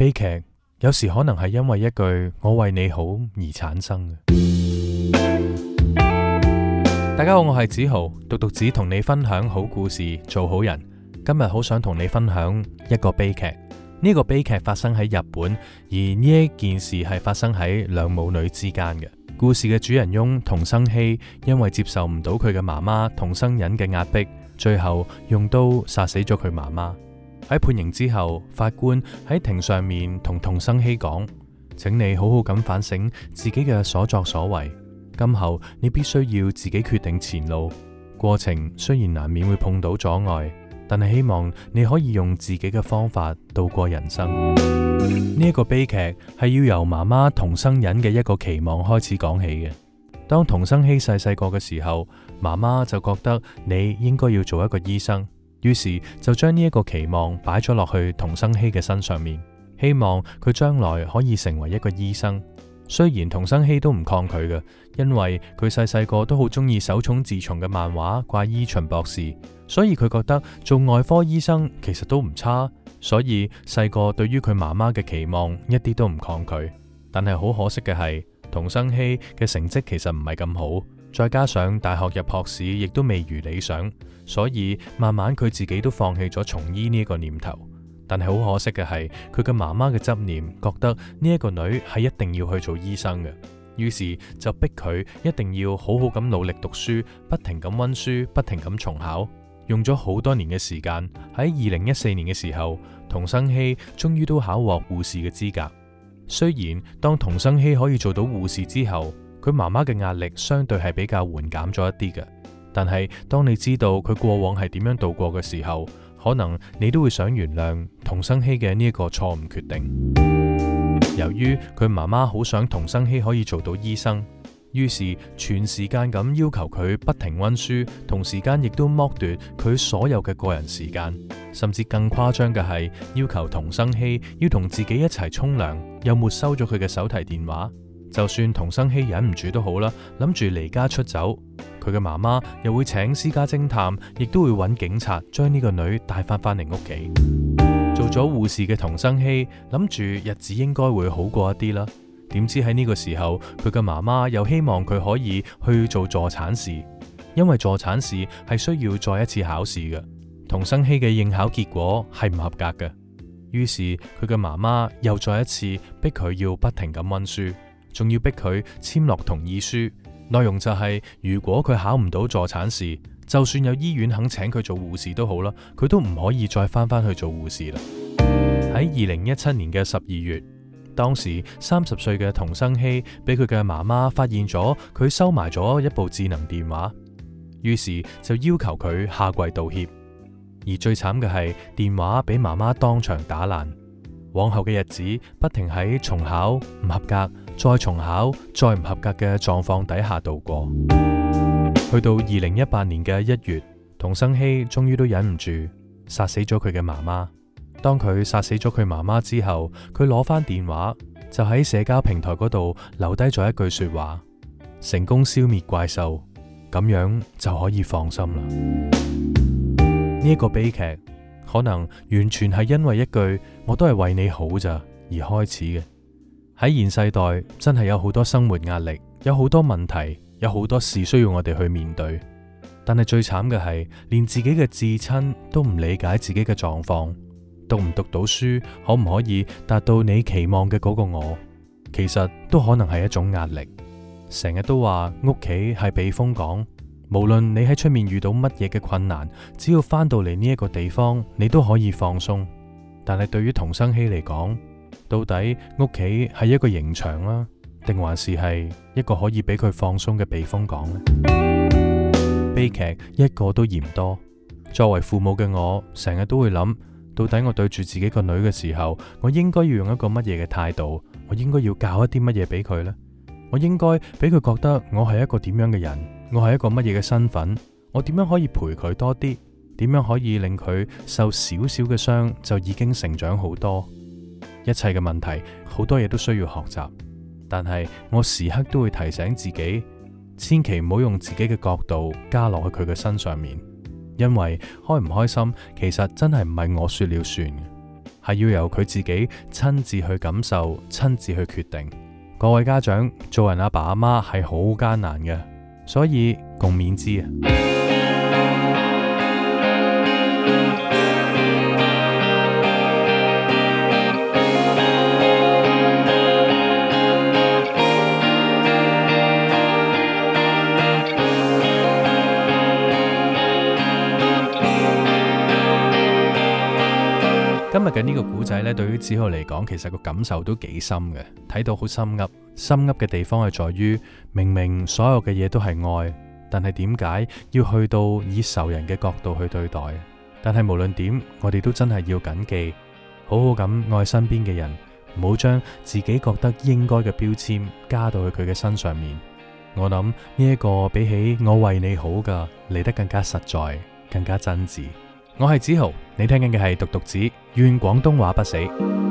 悲劇有時可能係因為一句我為你好而產生嘅。 大家好，我係梓豪，獨讀子同你分享好故事，做好人。今日好想同你分享一個悲劇。呢、這個悲劇發生喺日本，而呢一件事係發生喺兩母女之間嘅。故事嘅主人翁童生希因為接受唔到佢嘅媽媽童生人嘅壓迫，最後用刀殺死咗佢媽媽。喺判刑之後，法官喺庭上面同童生希講：請你好好咁反省自己嘅所作所為，今後你必須要自己決定前路。過程雖然難免會碰到阻礙，但係希望你可以用自己嘅方法度過人生。呢一個悲劇係要由媽媽童生忍嘅一個期望開始講起嘅。當童生希細細個嘅時候，媽媽就覺得你應該要做一個醫生。於是就將呢一個期望擺咗落去童生希嘅身上面，希望佢將來可以成為一個醫生。雖然童生希都唔抗拒嘅，因為佢細細個都好中意手塚治虫嘅漫畫《怪醫秦博士》，所以佢覺得做外科醫生其實都唔差。所以細個對於佢媽媽嘅期望一啲都唔抗拒。但係好可惜嘅係，童生希嘅成績其實唔係咁好。再加上大學入學試亦都未如理想，所以慢慢佢自己都放棄咗從醫呢個念頭。但係好可惜嘅係，佢嘅媽媽嘅執念，覺得呢一個女係一定要去做醫生嘅，於是就逼佢一定要好好咁努力讀書，不停咁溫書，不停咁重考，用咗好多年嘅時間。喺二零一四年嘅時候，童生希終於都考獲護士嘅資格。雖然當童生希可以做到護士之後，佢媽媽嘅壓力相對係比較緩減咗一啲嘅，但係當你知道佢過往係點樣度過嘅時候，可能你都會想原諒童生希嘅呢一個錯誤決定。由於佢媽媽好想童生希可以做到醫生，於是全時間咁要求佢不停溫書，同時間亦都剝奪佢所有嘅個人時間，甚至更誇張嘅係要求童生希要同自己一齊沖涼，又沒收咗佢嘅手提電話。就算童生熙忍唔住都好啦，諗住離家出走，佢嘅媽媽又會請私家偵探，亦都會揾警察將呢個女帶翻翻嚟屋企。做咗護士嘅童生熙諗住日子應該會好過一啲啦。點知喺呢個時候，佢嘅媽媽又希望佢可以去做助產士，因為助產士係需要再一次考試嘅。童生熙嘅應考結果係唔合格嘅，於是佢嘅媽媽又再一次逼佢要不停咁溫書。仲要逼佢簽落同意書，內容就係如果佢考唔到助產士，就算有醫院肯請佢做護士都好啦，佢都唔可以再翻返去做護士啦。喺二零一七年嘅十二月，當時三十歲嘅童生希俾佢嘅媽媽發現咗佢收埋咗一部智能電話，於是就要求佢下跪道歉。而最慘嘅係電話俾媽媽當場打爛。往後嘅日子，不停喺重考唔合格，再重考再唔合格嘅狀況底下度過。去到二零一八年嘅一月，童生熙終於都忍唔住，殺死咗佢嘅媽媽。當佢殺死咗佢媽媽之後，佢攞返電話，就喺社交平台嗰度留低咗一句說話：成功消滅怪獸，咁樣就可以放心啦。呢、這、一個悲劇。可能完全係因為一句我都係為你好咋而，而開始嘅。喺現世代，真係有好多生活壓力，有好多問題，有好多事需要我哋去面對。但係最慘嘅係，連自己嘅至親都唔理解自己嘅狀況，讀唔讀到書，可唔可以達到你期望嘅嗰個我，其實都可能係一種壓力。成日都話屋企係避風港。無論你喺出面遇到乜嘢嘅困難，只要翻到嚟呢一個地方，你都可以放鬆。但係對於童生希嚟講，到底屋企係一個刑場啦、啊，定還是係一個可以俾佢放鬆嘅避風港呢？ 悲劇一個都嫌多。作為父母嘅我，成日都會諗，到底我對住自己個女嘅時候，我應該要用一個乜嘢嘅態度？我應該要教一啲乜嘢俾佢呢？我應該俾佢覺得我係一個點樣嘅人？我係一個乜嘢嘅身份？我點樣可以陪佢多啲？點樣可以令佢受少少嘅傷就已經成長好多？一切嘅問題好多嘢都需要學習，但係我時刻都會提醒自己，千祈唔好用自己嘅角度加落去佢嘅身上面，因為開唔開心其實真係唔係我說了算，係要由佢自己親自去感受、親自去決定。各位家長，做人阿爸阿媽係好艱難嘅。所以共勉之。緊呢個古仔咧，對於梓豪嚟講，其實個感受都幾深嘅，睇到好深，深嘅地方係在於，明明所有嘅嘢都係愛，但係點解要去到以仇人嘅角度去對待？但係無論點，我哋都真係要謹記，好好咁愛身邊嘅人，唔好將自己覺得應該嘅標籤加到去佢嘅身上面。我諗呢一個比起我為你好噶，嚟得更加實在，更加真摯。我係梓豪，你聽緊嘅係《獨讀子》，願廣東話不死。